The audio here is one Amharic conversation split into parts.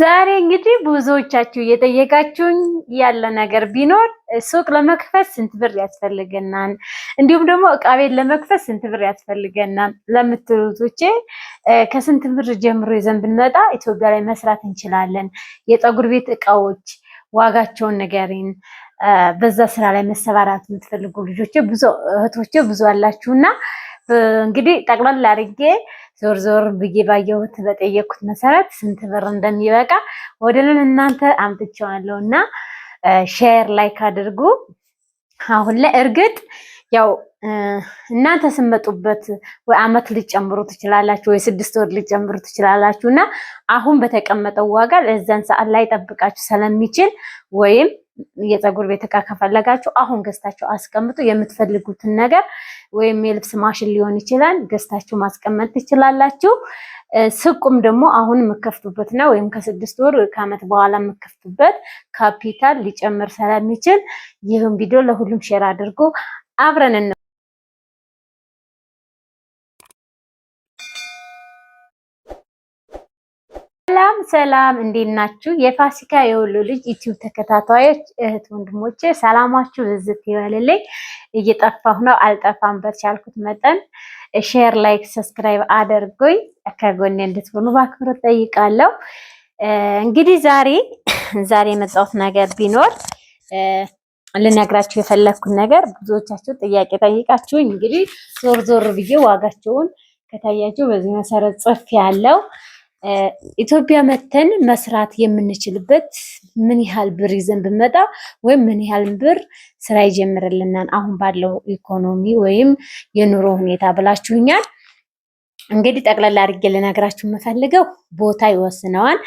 ዛሬ እንግዲህ ብዙዎቻችሁ እየጠየቃችሁኝ ያለ ነገር ቢኖር ሱቅ ለመክፈት ስንት ብር ያስፈልገናል፣ እንዲሁም ደግሞ እቃ ቤት ለመክፈት ስንት ብር ያስፈልገናል ለምትሉት ከስንት ብር ጀምሮ ይዘን ብንመጣ ኢትዮጵያ ላይ መስራት እንችላለን፣ የፀጉር ቤት እቃዎች ዋጋቸውን ንገሪን፣ በዛ ስራ ላይ መሰባራት የምትፈልጉ ልጆቼ ብዙ እህቶቼ ብዙ አላችሁና እንግዲህ ጠቅላላ አድርጌ ዞር ዞር ብዬ ባየሁት በጠየኩት መሰረት ስንት ብር እንደሚበቃ ልን እናንተ አምጥቼዋለሁ እና ሼር ላይክ አድርጉ። አሁን ላይ እርግጥ ያው እናንተ ስመጡበት ወይ አመት ልጨምሩ ትችላላችሁ፣ ወይ ስድስት ወር ልጨምሩ ትችላላችሁ እና አሁን በተቀመጠው ዋጋ ለዛን ሰዓት ላይ ጠብቃችሁ ስለሚችል ወይም የፀጉር ቤት እቃ ከፈለጋችሁ አሁን ገዝታችሁ አስቀምጡ። የምትፈልጉትን ነገር ወይም የልብስ ማሽን ሊሆን ይችላል ገዝታችሁ ማስቀመጥ ትችላላችሁ። ስቁም ደግሞ አሁን የምከፍቱበት ነው፣ ወይም ከስድስት ወር ከአመት በኋላ የምከፍቱበት ካፒታል ሊጨምር ስለሚችል ይህም ቪዲዮ ለሁሉም ሼር አድርጎ አብረን ሰላም ሰላም፣ እንዴት ናችሁ? የፋሲካ የወሎ ልጅ ዩቲዩብ ተከታታዮች እህት ወንድሞቼ ሰላማችሁ ብዝት ይበልልኝ። እየጠፋሁ ነው፣ አልጠፋም። በቻልኩት መጠን ሼር፣ ላይክ፣ ሰብስክራይብ አድርጎኝ ከጎኔ እንድትሆኑ በአክብሮት ጠይቃለሁ። እንግዲህ ዛሬ ዛሬ የመጣሁት ነገር ቢኖር ልነግራችሁ የፈለግኩት ነገር ብዙዎቻችሁ ጥያቄ ጠይቃችሁኝ እንግዲህ ዞር ዞር ብዬ ዋጋቸውን ከታያችሁ በዚህ መሰረት ጽፌያለሁ። ኢትዮጵያ መተን መስራት የምንችልበት ምን ያህል ብር ይዘን ብንመጣ ወይም ምን ያህል ብር ስራ ይጀምርልናል አሁን ባለው ኢኮኖሚ ወይም የኑሮ ሁኔታ ብላችሁኛል። እንግዲህ ጠቅላላ አድርጌ ልነግራችሁ የምፈልገው ቦታ ይወስነዋል።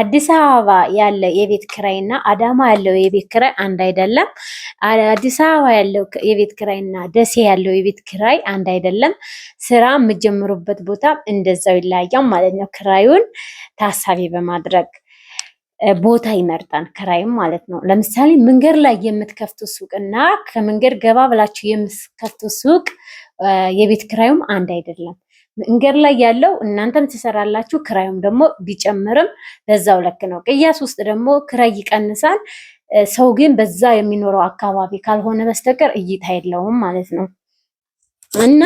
አዲስ አበባ ያለ የቤት ክራይ እና አዳማ ያለው የቤት ክራይ አንድ አይደለም። አዲስ አበባ ያለው የቤት ክራይ እና ደሴ ያለው የቤት ክራይ አንድ አይደለም። ስራ የምጀምሩበት ቦታ እንደዛው ይለያያል ማለት ነው። ክራዩን ታሳቢ በማድረግ ቦታ ይመርጣል። ክራይም ማለት ነው። ለምሳሌ መንገድ ላይ የምትከፍቱ ሱቅ እና ከመንገድ ገባ ብላችሁ የምትከፍቱ ሱቅ የቤት ክራዩም አንድ አይደለም። መንገድ ላይ ያለው እናንተም ትሰራላችሁ፣ ክራዩም ደግሞ ቢጨምርም በዛው ለክ ነው። ቅያስ ውስጥ ደግሞ ክራይ ይቀንሳል። ሰው ግን በዛ የሚኖረው አካባቢ ካልሆነ በስተቀር እይታ የለውም ማለት ነው እና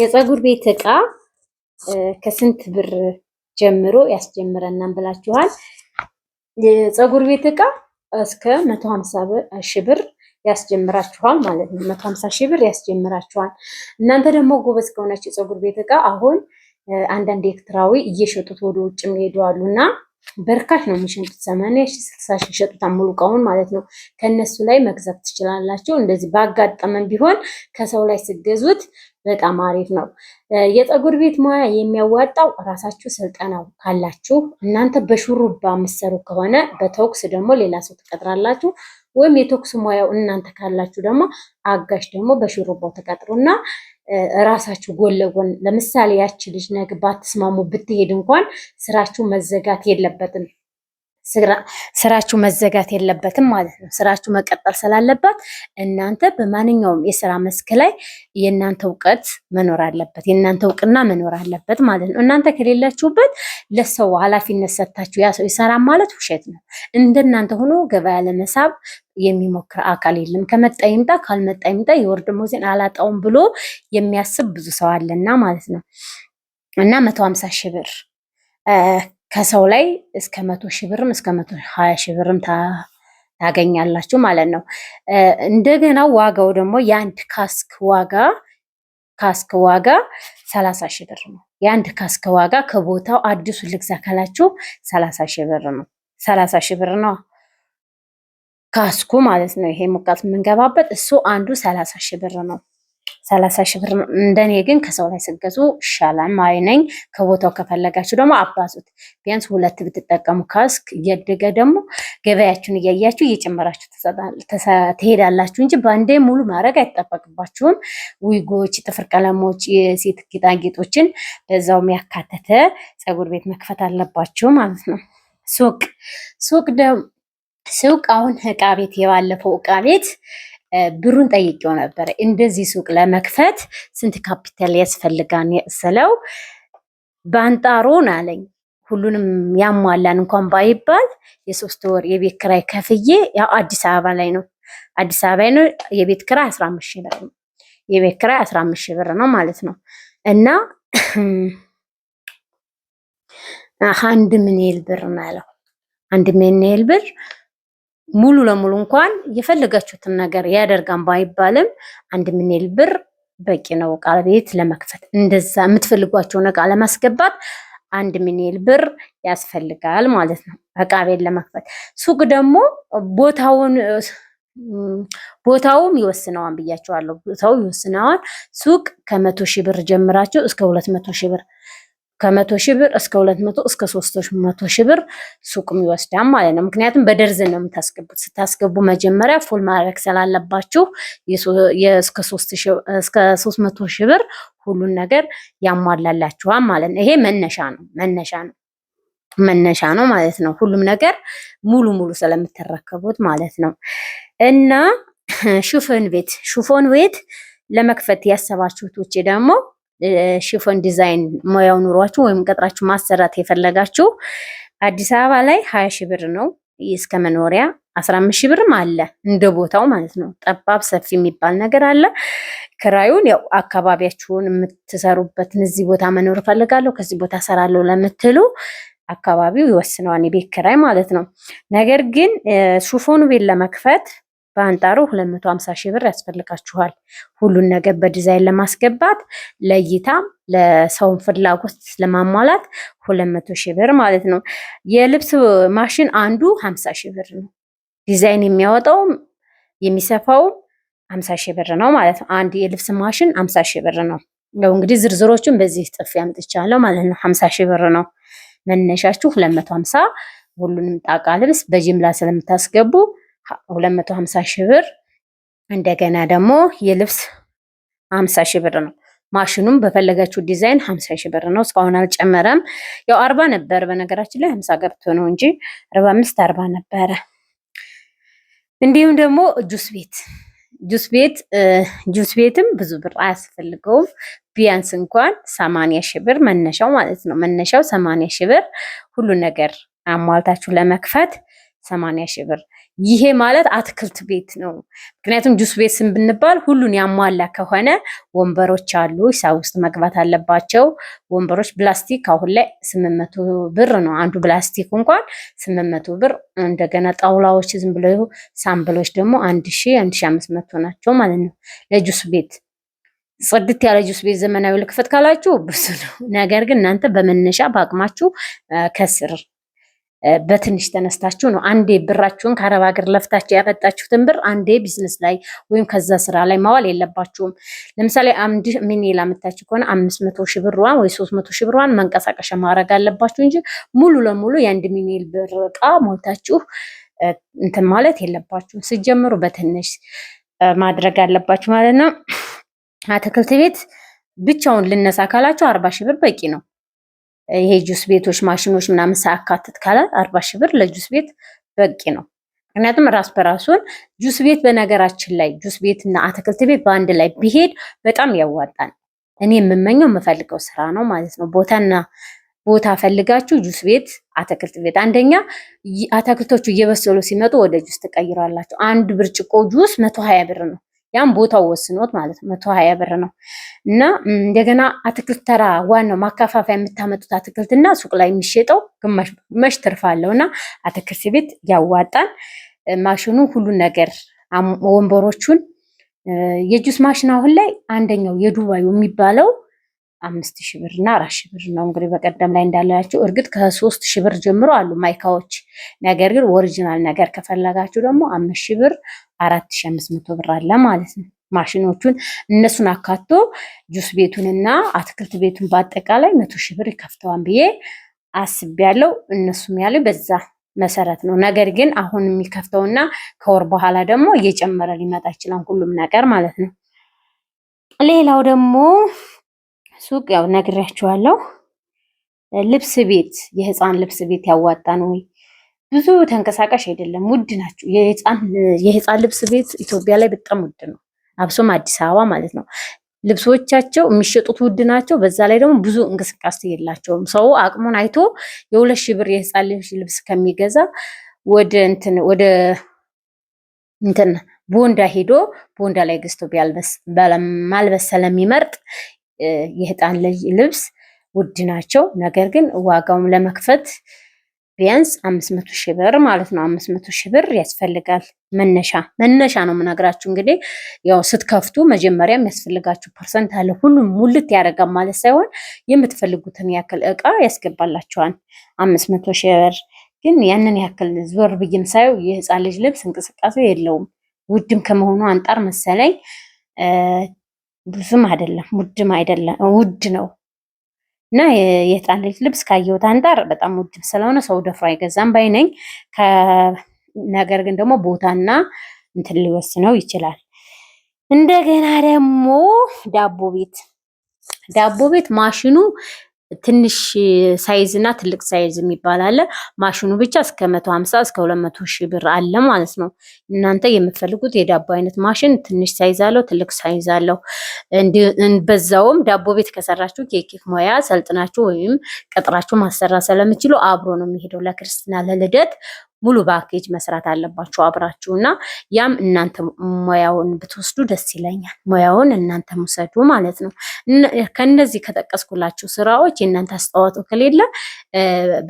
የፀጉር ቤት እቃ ከስንት ብር ጀምሮ ያስጀምረናን ብላችኋል? የፀጉር ቤት እቃ እስከ 150 ሺህ ብር ያስጀምራችኋል ማለት ነው። መቶ ሀምሳ ሺህ ብር ያስጀምራችኋል። እናንተ ደግሞ ጎበዝ ከሆናችሁ የፀጉር ቤት እቃ አሁን አንዳንድ ኤክትራዊ እየሸጡት ወደ ውጭ ሄደዋሉ እና በርካሽ ነው የሚሸጡት። ሰማንያ ሺ ስልሳ ሺ ይሸጡታል ሙሉ ቀውን ማለት ነው። ከእነሱ ላይ መግዛት ትችላላቸው። እንደዚህ ባጋጠመን ቢሆን ከሰው ላይ ስገዙት በጣም አሪፍ ነው። የፀጉር ቤት ሙያ የሚያዋጣው ራሳችሁ ስልጠናው ካላችሁ፣ እናንተ በሹሩባ የምትሰሩ ከሆነ በተኩስ ደግሞ ሌላ ሰው ትቀጥራላችሁ። ወይም የተኩስ ሙያው እናንተ ካላችሁ ደግሞ አጋሽ ደግሞ በሹሩባው ተቀጥሩና ራሳችሁ ጎን ለጎን ለምሳሌ ያቺ ልጅ ነግ ባትስማሙ ብትሄድ እንኳን ስራችሁ መዘጋት የለበትም። ስራችሁ መዘጋት የለበትም ማለት ነው። ስራችሁ መቀጠል ስላለባት እናንተ በማንኛውም የስራ መስክ ላይ የእናንተ እውቀት መኖር አለበት፣ የእናንተ እውቅና መኖር አለበት ማለት ነው። እናንተ ከሌላችሁበት ለሰው ኃላፊነት ሰጥታችሁ ያ ሰው ይሰራ ማለት ውሸት ነው። እንደናንተ ሆኖ ገበያ ለመሳብ የሚሞክር አካል የለም። ከመጣ ይምጣ፣ ካልመጣ ይምጣ፣ የወርድ ሞዜን አላጣውም ብሎ የሚያስብ ብዙ ሰው አለና ማለት ነው እና መቶ ሀምሳ ሺህ ብር ከሰው ላይ እስከ መቶ ሺህ ብርም እስከ መቶ ሀያ ሺህ ብርም ታገኛላችሁ ማለት ነው። እንደገና ዋጋው ደግሞ የአንድ ካስክ ዋጋ ካስክ ዋጋ ሰላሳ ሺህ ብር ነው። የአንድ ካስክ ዋጋ ከቦታው አዲሱ ልግዛ ካላችሁ ሰላሳ ሺህ ብር ነው። ሰላሳ ሺህ ብር ነው ካስኩ ማለት ነው። ይሄ ሙቀት የምንገባበት እሱ አንዱ ሰላሳ ሺህ ብር ነው። ሰላሳ ሺህ ብር ነው። እንደኔ ግን ከሰው ላይ ስገዙ ይሻላል ማይ ነኝ። ከቦታው ከፈለጋችሁ ደግሞ አባዙት። ቢያንስ ሁለት ብትጠቀሙ ካስክ እያደገ ደግሞ ገበያችሁን እያያችሁ እየጨመራችሁ ትሄዳላችሁ እንጂ በአንዴ ሙሉ ማድረግ አይጠበቅባችሁም። ዊጎች፣ ጥፍር ቀለሞች፣ የሴት ጌጣጌጦችን በዛውም ያካተተ ፀጉር ቤት መክፈት አለባችሁ ማለት ነው። ሱቅ ሱቅ ሱቅ አሁን እቃ ቤት የባለፈው እቃ ቤት ብሩን ጠይቄው ነበረ። እንደዚህ ሱቅ ለመክፈት ስንት ካፒታል ያስፈልጋን ስለው በአንጣሮን አለኝ ሁሉንም ያሟላን እንኳን ባይባል የሶስት ወር የቤት ክራይ ከፍዬ ያው አዲስ አበባ ላይ ነው አዲስ አበባ ላይ ነው የቤት ክራይ አስራ አምስት ሺህ ብር ነው የቤት ክራይ አስራ አምስት ሺህ ብር ነው ማለት ነው እና አንድ ምን ያህል ብር ነው ያለው አንድ ምን ያህል ብር ሙሉ ለሙሉ እንኳን የፈለጋችሁትን ነገር ያደርጋን ባይባልም አንድ ሚሊዮን ብር በቂ ነው። ዕቃ ቤት ለመክፈት እንደዛ የምትፈልጓቸውን እቃ ለማስገባት አንድ ሚሊዮን ብር ያስፈልጋል ማለት ነው። ዕቃ ቤት ለመክፈት ሱቅ ደግሞ ቦታውን ቦታውም ይወስነዋል ብያቸዋለሁ። ቦታው ይወስነዋል። ሱቅ ከመቶ ሺህ ብር ጀምራችሁ እስከ ሁለት መቶ ሺህ ብር ከመቶ ሺህ ብር እስከ ሁለት መቶ እስከ ሶስት መቶ ሺህ ብር ሱቅም ይወስዳል ማለት ነው። ምክንያቱም በደርዘን ነው የምታስገቡት። ስታስገቡ መጀመሪያ ፉል ማድረግ ስላለባችሁ እስከ ሶስት መቶ ሺህ ብር ሁሉን ነገር ያሟላላችኋል ማለት ነው። ይሄ መነሻ ነው መነሻ ነው መነሻ ነው ማለት ነው። ሁሉም ነገር ሙሉ ሙሉ ስለምትረከቡት ማለት ነው። እና ሹፎን ቤት ሹፎን ቤት ለመክፈት ያሰባችሁት ውጭ ደግሞ ሽፎን ዲዛይን ሙያው ኑሯችሁ ወይም ቀጥራችሁ ማሰራት የፈለጋችሁ አዲስ አበባ ላይ ሀያ ሺህ ብር ነው እስከ መኖሪያ አስራ አምስት ሺህ ብርም አለ እንደ ቦታው ማለት ነው። ጠባብ ሰፊ የሚባል ነገር አለ። ክራዩን ያው አካባቢያችሁን የምትሰሩበትን እዚህ ቦታ መኖር እፈልጋለሁ ከዚህ ቦታ ሰራለሁ ለምትሉ አካባቢው ይወስነዋል የቤት ክራይ ማለት ነው። ነገር ግን ሹፎኑ ቤት ለመክፈት በአንጣሩ 250 ሺህ ብር ያስፈልጋችኋል። ሁሉን ነገር በዲዛይን ለማስገባት ለእይታም ለሰውን ፍላጎት ለማሟላት 200 ሺህ ብር ማለት ነው። የልብስ ማሽን አንዱ 50 ሺህ ብር ነው። ዲዛይን የሚያወጣውም የሚሰፋውም 50 ሺህ ብር ነው ማለት ነው። አንድ የልብስ ማሽን 50 ሺህ ብር ነው። ያው እንግዲህ ዝርዝሮቹን በዚህ ጥፍ ያምጥቻለሁ ማለት ነው። 50 ሺህ ብር ነው መነሻችሁ 250 ሁሉንም ጣቃ ልብስ በጅምላ ስለምታስገቡ 250 ሺህ ብር እንደገና ደግሞ የልብስ 50 ሺህ ብር ነው። ማሽኑም በፈለጋችሁ ዲዛይን 50 ሺህ ብር ነው። እስካሁን አልጨመረም። ያው አርባ ነበር በነገራችን ላይ 50 ገብቶ ነው እንጂ 45 አርባ ነበረ። እንዲሁም ደግሞ ጁስ ቤት ጁስ ቤት ጁስ ቤትም ብዙ ብር አያስፈልገውም። ቢያንስ እንኳን 80 ሺህ ብር መነሻው ማለት ነው። መነሻው 80 ሺህ ብር ሁሉ ነገር አሟልታችሁ ለመክፈት 80 ሺህ ብር ይሄ ማለት አትክልት ቤት ነው። ምክንያቱም ጁስ ቤት ስም ብንባል ሁሉን ያሟላ ከሆነ ወንበሮች አሉ፣ ሂሳብ ውስጥ መግባት አለባቸው። ወንበሮች ፕላስቲክ አሁን ላይ ስምንት መቶ ብር ነው አንዱ ፕላስቲክ እንኳን ስምንት መቶ ብር። እንደገና ጣውላዎች ዝም ብለ ሳምብሎች ደግሞ አንድ ሺ አንድ ሺ አምስት መቶ ናቸው ማለት ነው ለጁስ ቤት ጽድት ያለ ጁስ ቤት ዘመናዊ ልክፈት ካላችሁ ብዙ ነው። ነገር ግን እናንተ በመነሻ በአቅማችሁ ከስር በትንሽ ተነስታችሁ ነው። አንዴ ብራችሁን ከአረብ ሀገር ለፍታችሁ ያመጣችሁትን ብር አንዴ ቢዝነስ ላይ ወይም ከዛ ስራ ላይ ማዋል የለባችሁም። ለምሳሌ አንድ ሚኒ ላመጣችሁ ከሆነ አምስት መቶ ሺህ ብሯን ወይ ሶስት መቶ ሺህ ብሯን መንቀሳቀሻ ማድረግ አለባችሁ እንጂ ሙሉ ለሙሉ የአንድ ሚኒ ብር እቃ ሞልታችሁ እንትን ማለት የለባችሁም። ስጀምሩ በትንሽ ማድረግ አለባችሁ ማለት ነው። አትክልት ቤት ብቻውን ልነሳ ካላችሁ አርባ ሺህ ብር በቂ ነው። ይሄ ጁስ ቤቶች ማሽኖች ምናምን ሳያካትት ካለ አርባ ሺህ ብር ለጁስ ቤት በቂ ነው። ምክንያቱም ራስ በራሱን ጁስ ቤት በነገራችን ላይ ጁስ ቤት እና አትክልት ቤት በአንድ ላይ ቢሄድ በጣም ያዋጣል። እኔ የምመኘው የምፈልገው ስራ ነው ማለት ነው። ቦታና ቦታ ፈልጋችሁ ጁስ ቤት፣ አትክልት ቤት። አንደኛ አትክልቶቹ እየበሰሉ ሲመጡ ወደ ጁስ ትቀይራላችሁ። አንድ ብርጭቆ ጁስ መቶ ሀያ ብር ነው። ያም ቦታው ወስኖት ማለት ነው። መቶ ሀያ ብር ነው እና እንደገና አትክልት ተራ ዋናው ማከፋፈያ የምታመጡት አትክልትና ሱቅ ላይ የሚሸጠው ግማሽ ትርፍ አለው እና አትክልት ቤት ያዋጣል። ማሽኑ ሁሉን ነገር ወንበሮቹን የጁስ ማሽን አሁን ላይ አንደኛው የዱባዩ የሚባለው አምስት ሺህ ብር እና አራት ሺህ ብር ነው። እንግዲህ በቀደም ላይ እንዳላችሁ እርግጥ ከሶስት ሽብር ብር ጀምሮ አሉ ማይካዎች። ነገር ግን ኦሪጂናል ነገር ከፈለጋችሁ ደግሞ አምስት ሺህ ብር አራት ሺ አምስት መቶ ብር አለ ማለት ነው። ማሽኖቹን እነሱን አካቶ ጁስ ቤቱንና አትክልት ቤቱን በአጠቃላይ መቶ ሺህ ብር ይከፍተዋል ብዬ አስቤያለሁ። እነሱም ያለ በዛ መሰረት ነው። ነገር ግን አሁን የሚከፍተውና ከወር በኋላ ደግሞ እየጨመረ ሊመጣ ይችላል ሁሉም ነገር ማለት ነው። ሌላው ደግሞ ሱቅ ያው ነግሬያችኋለሁ። ልብስ ቤት የህፃን ልብስ ቤት ያዋጣን ወይ? ብዙ ተንቀሳቃሽ አይደለም፣ ውድ ናቸው። የህፃን ልብስ ቤት ኢትዮጵያ ላይ በጣም ውድ ነው፣ አብሶም አዲስ አበባ ማለት ነው። ልብሶቻቸው የሚሸጡት ውድ ናቸው። በዛ ላይ ደግሞ ብዙ እንቅስቃሴ የላቸውም። ሰው አቅሙን አይቶ የሁለት ሺህ ብር የህፃን ልብስ ከሚገዛ ወደ እንትን ወደ እንትን ቦንዳ ሄዶ ቦንዳ ላይ ገዝቶ ማልበስ ስለሚመርጥ የህፃን ልጅ ልብስ ውድ ናቸው። ነገር ግን ዋጋውም ለመክፈት ቢያንስ አምስት መቶ ሺህ ብር ማለት ነው። አምስት መቶ ሺህ ብር ያስፈልጋል። መነሻ መነሻ ነው የምነግራችሁ። እንግዲህ ያው ስትከፍቱ መጀመሪያ የሚያስፈልጋችሁ ፐርሰንት አለ። ሁሉም ሙልት ያደርጋል ማለት ሳይሆን የምትፈልጉትን ያክል እቃ ያስገባላችኋል። አምስት መቶ ሺህ ብር ግን ያንን ያክል ዞር ብዬም ሳየው የህፃን ልጅ ልብስ እንቅስቃሴ የለውም ውድም ከመሆኑ አንጻር መሰለኝ ብዙም አይደለም ውድም አይደለም ውድ ነው እና የህፃን ልጅ ልብስ ካየሁት አንጻር በጣም ውድ ስለሆነ ሰው ደፍሮ አይገዛም ባይ ነኝ። ነገር ግን ደግሞ ቦታና እንትን ሊወስነው ይችላል። እንደገና ደግሞ ዳቦ ቤት ዳቦ ቤት ማሽኑ ትንሽ ሳይዝ እና ትልቅ ሳይዝ የሚባል አለ። ማሽኑ ብቻ እስከ 150 እስከ 200 ሺህ ብር አለ ማለት ነው። እናንተ የምትፈልጉት የዳቦ አይነት ማሽን ትንሽ ሳይዝ አለው፣ ትልቅ ሳይዝ አለው። በዛውም ዳቦ ቤት ከሰራችሁ ኬክ ሙያ ሰልጥናችሁ ወይም ቀጥራችሁ ማሰራ ስለምችሉ አብሮ ነው የሚሄደው ለክርስትና፣ ለልደት ሙሉ ፓኬጅ መስራት አለባችሁ አብራችሁ እና ያም እናንተ ሙያውን ብትወስዱ ደስ ይለኛል። ሙያውን እናንተ ውሰዱ ማለት ነው። ከነዚህ ከጠቀስኩላችሁ ስራዎች የእናንተ አስተዋጽኦ ከሌለ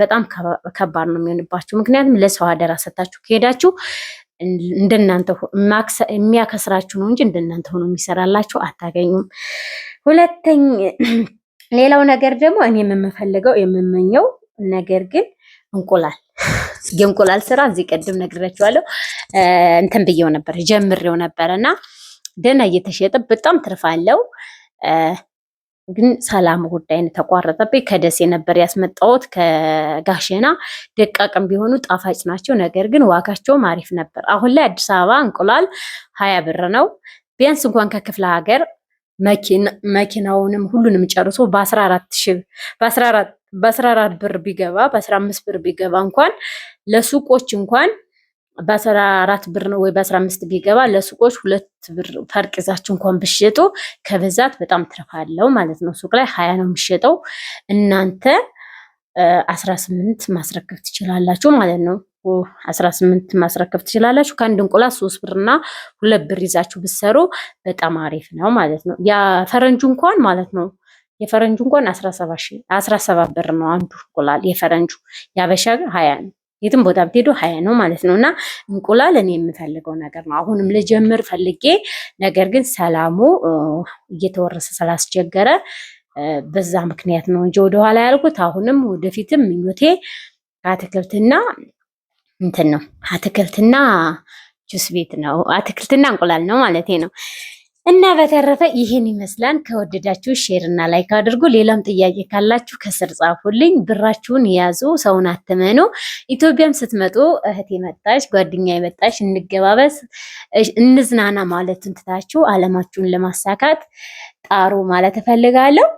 በጣም ከባድ ነው የሚሆንባችሁ። ምክንያቱም ለሰው አደራ ሰታችሁ ከሄዳችሁ እንደናንተ የሚያከስራችሁ ነው እንጂ እንደናንተ ሆኖ የሚሰራላችሁ አታገኙም። ሁለተኛ ሌላው ነገር ደግሞ እኔ የምፈልገው የምመኘው ነገር ግን እንቁላል የእንቁላል ስራ እዚህ ቀድም ነግሬያቸዋለሁ እንትን ብየው ነበር ጀምሬው ነበር እና ደህና እየተሸጠ በጣም ትርፋለው። ግን ሰላም ጉዳይን ተቋረጠብኝ። ከደሴ ነበር ያስመጣሁት ከጋሽና ደቃቅም ቢሆኑ ጣፋጭ ናቸው። ነገር ግን ዋጋቸውም አሪፍ ነበር። አሁን ላይ አዲስ አበባ እንቁላል ሀያ ብር ነው። ቢያንስ እንኳን ከክፍለ ሀገር መኪናውንም ሁሉንም ጨርሶ በ14 በ14 ብር ቢገባ በ15 ብር ቢገባ እንኳን ለሱቆች እንኳን በ14 ብር ነው ወይ በ15 ቢገባ ለሱቆች ሁለት ብር ፈርቅ ይዛችሁ እንኳን ብሸጡ ከብዛት በጣም ትርፋለው ማለት ነው። ሱቅ ላይ ሀያ ነው የሚሸጠው እናንተ አስራ ስምንት ማስረከብ ትችላላችሁ ማለት ነው። 18 ማስረከብ ትችላላችሁ። ከአንድ እንቁላል ሶስት ብርና ሁለት ብር ይዛችሁ ብትሰሩ በጣም አሪፍ ነው ማለት ነው። የፈረንጁ እንኳን ማለት ነው የፈረንጁ እንኳን 17 17 ብር ነው አንዱ እንቁላል የፈረንጁ ያበሻ ሀያ ነው። የትም ቦታ ብትሄዱ ሀያ ነው ማለት ነው። እና እንቁላል እኔ የምፈልገው ነገር ነው። አሁንም ልጀምር ፈልጌ ነገር ግን ሰላሙ እየተወረሰ ስላስቸገረ በዛ ምክንያት ነው እንጂ ወደኋላ ያልኩት አሁንም ወደፊትም ምኞቴ አትክልትና እንትን ነው አትክልትና ጁስ ቤት ነው። አትክልትና እንቁላል ነው ማለት ነው። እና በተረፈ ይህን ይመስላል። ከወደዳችሁ ሼር እና ላይክ አድርጉ። ሌላም ጥያቄ ካላችሁ ከስር ጻፉልኝ። ብራችሁን ያዙ፣ ሰውን አትመኑ። ኢትዮጵያም ስትመጡ እህት መጣች ጓደኛ መጣች እንገባበስ፣ እንዝናና ማለቱን ትታችሁ አለማችሁን ለማሳካት ጣሩ ማለት እፈልጋለሁ።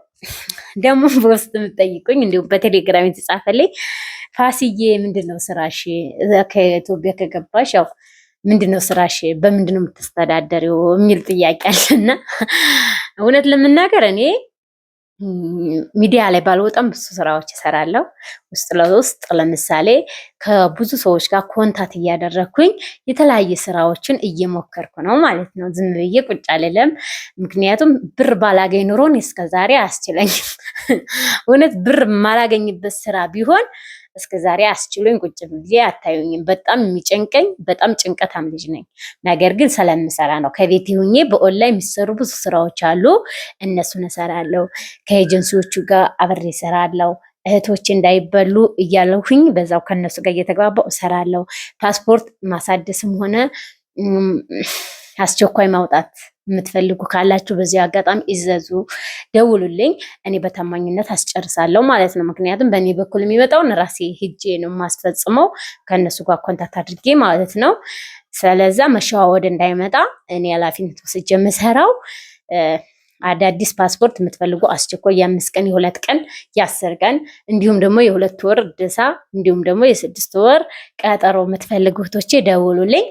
ደግሞ በውስጥ የምጠይቁኝ እንዲሁም በቴሌግራም የተጻፈልኝ ፋሲዬ ምንድነው ስራሽ? ከኢትዮጵያ ከገባሽ ያው ምንድነው ስራሽ? በምንድነው ነው የምትስተዳደሪው የሚል ጥያቄ አለና እውነት ለምናገር እኔ ሚዲያ ላይ ባልወጣም ብዙ ስራዎች እሰራለሁ። ውስጥ ለውስጥ ለምሳሌ ከብዙ ሰዎች ጋር ኮንታት እያደረግኩኝ የተለያየ ስራዎችን እየሞከርኩ ነው ማለት ነው። ዝም ብዬ ቁጭ አልልም። ምክንያቱም ብር ባላገኝ ኑሮን እስከዛሬ አያስችለኝም። እውነት ብር የማላገኝበት ስራ ቢሆን እስከ ዛሬ አስችሎኝ ቁጭ ብዬ አታዩኝም። በጣም የሚጨንቀኝ በጣም ጭንቀታም ልጅ ነኝ። ነገር ግን ስለምሰራ ነው። ከቤት ሁኜ በኦንላይን የሚሰሩ ብዙ ስራዎች አሉ። እነሱን እሰራለሁ። ከኤጀንሲዎቹ ጋር አብሬ እሰራለሁ። እህቶች እንዳይበሉ እያለሁኝ በዛው ከነሱ ጋር እየተግባባው እሰራለሁ። ፓስፖርት ማሳደስም ሆነ አስቸኳይ ማውጣት የምትፈልጉ ካላችሁ በዚህ አጋጣሚ እዘዙ፣ ደውሉልኝ። እኔ በታማኝነት አስጨርሳለሁ ማለት ነው። ምክንያቱም በእኔ በኩል የሚመጣውን ራሴ ሂጄ ነው የማስፈጽመው ከእነሱ ጋር ኮንታክት አድርጌ ማለት ነው። ስለዛ መሸዋወድ እንዳይመጣ እኔ ኃላፊነት ወስጄ የምሰራው አዳዲስ ፓስፖርት የምትፈልጉ አስቸኳይ የአምስት ቀን የሁለት ቀን የአስር ቀን እንዲሁም ደግሞ የሁለት ወር ድሳ እንዲሁም ደግሞ የስድስት ወር ቀጠሮ የምትፈልጉ እህቶቼ ደውሉልኝ።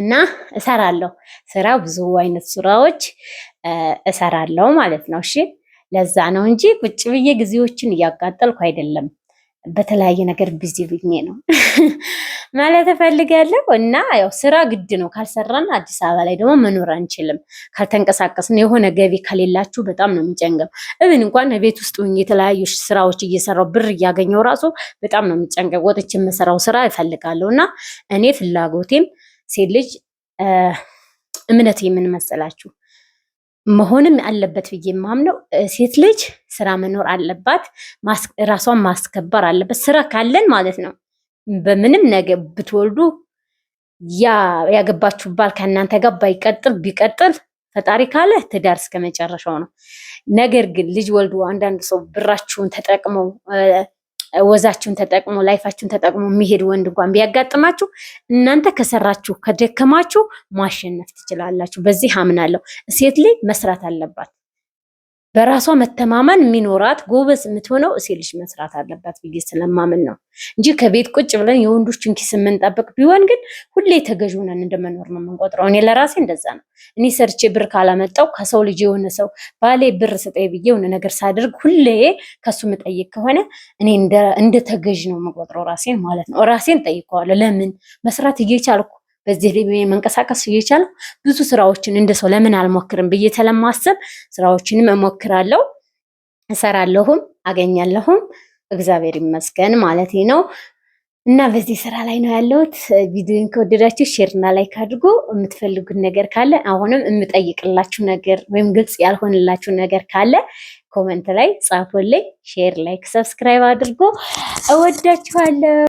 እና እሰራለሁ። ስራ ብዙ አይነት ስራዎች እሰራለሁ ማለት ነው። እሺ ለዛ ነው እንጂ ቁጭ ብዬ ጊዜዎችን እያቃጠልኩ አይደለም። በተለያየ ነገር ቢዚ ብኜ ነው ማለት እፈልጋለሁ። እና ያው ስራ ግድ ነው። ካልሰራን አዲስ አበባ ላይ ደግሞ መኖር አንችልም። ካልተንቀሳቀስን የሆነ ገቢ ከሌላችሁ በጣም ነው የሚጨንቀው። እብን እንኳን ቤት ውስጥ ሁኜ የተለያዩ ስራዎች እየሰራው ብር እያገኘው ራሱ በጣም ነው የሚጨንቀው። ወጥቼ የምሰራው ስራ እፈልጋለሁ እና እኔ ፍላጎቴም ሴት ልጅ እምነት የምን መሰላችሁ መሆንም አለበት ብዬ የማምነው ሴት ልጅ ስራ መኖር አለባት። ራሷን ማስከበር አለበት። ስራ ካለን ማለት ነው በምንም ነገር ብትወልዱ ያገባችሁ ባል ከእናንተ ጋር ባይቀጥል ቢቀጥል ፈጣሪ ካለ ትዳር እስከ መጨረሻው ነው። ነገር ግን ልጅ ወልዶ አንዳንድ ሰው ብራችሁን ተጠቅመው ወዛችሁን ተጠቅሞ ላይፋችሁን ተጠቅሞ የሚሄድ ወንድ እንኳን ቢያጋጥማችሁ እናንተ ከሰራችሁ ከደከማችሁ ማሸነፍ ትችላላችሁ። በዚህ አምናለሁ። ሴት ልጅ መስራት አለባት። በራሷ መተማመን የሚኖራት ጎበዝ የምትሆነው እሴ ልጅ መስራት አለባት ብዬ ስለማምን ነው እንጂ ከቤት ቁጭ ብለን የወንዶችን ኪስ የምንጠብቅ ቢሆን ግን ሁሌ ተገዥ ሆነን እንደመኖር ነው የምንቆጥረው። እኔ ለራሴ እንደዛ ነው። እኔ ሰርቼ ብር ካላመጣው ከሰው ልጅ የሆነ ሰው ባሌ ብር ስጠኝ ብዬ የሆነ ነገር ሳደርግ ሁሌ ከሱ ምጠይቅ ከሆነ እኔ እንደ ተገዥ ነው የምቆጥረው ራሴን ማለት ነው። ራሴን ጠይቀዋለሁ። ለምን መስራት እየቻልኩ በዚህ ዕድሜ መንቀሳቀስ እየቻልኩ ብዙ ስራዎችን እንደ ሰው ለምን አልሞክርም ብዬ ስለማስብ ስራዎችንም እሞክራለሁ፣ እሰራለሁም፣ አገኛለሁም እግዚአብሔር ይመስገን ማለት ነው። እና በዚህ ስራ ላይ ነው ያለሁት። ቪዲዮን ከወደዳችሁ ሼርና ላይክ አድርጎ የምትፈልጉት ነገር ካለ አሁንም የምጠይቅላችሁ ነገር ወይም ግልጽ ያልሆንላችሁ ነገር ካለ ኮመንት ላይ ጻፉልኝ። ሼር፣ ላይክ፣ ሰብስክራይብ አድርጎ እወዳችኋለሁ።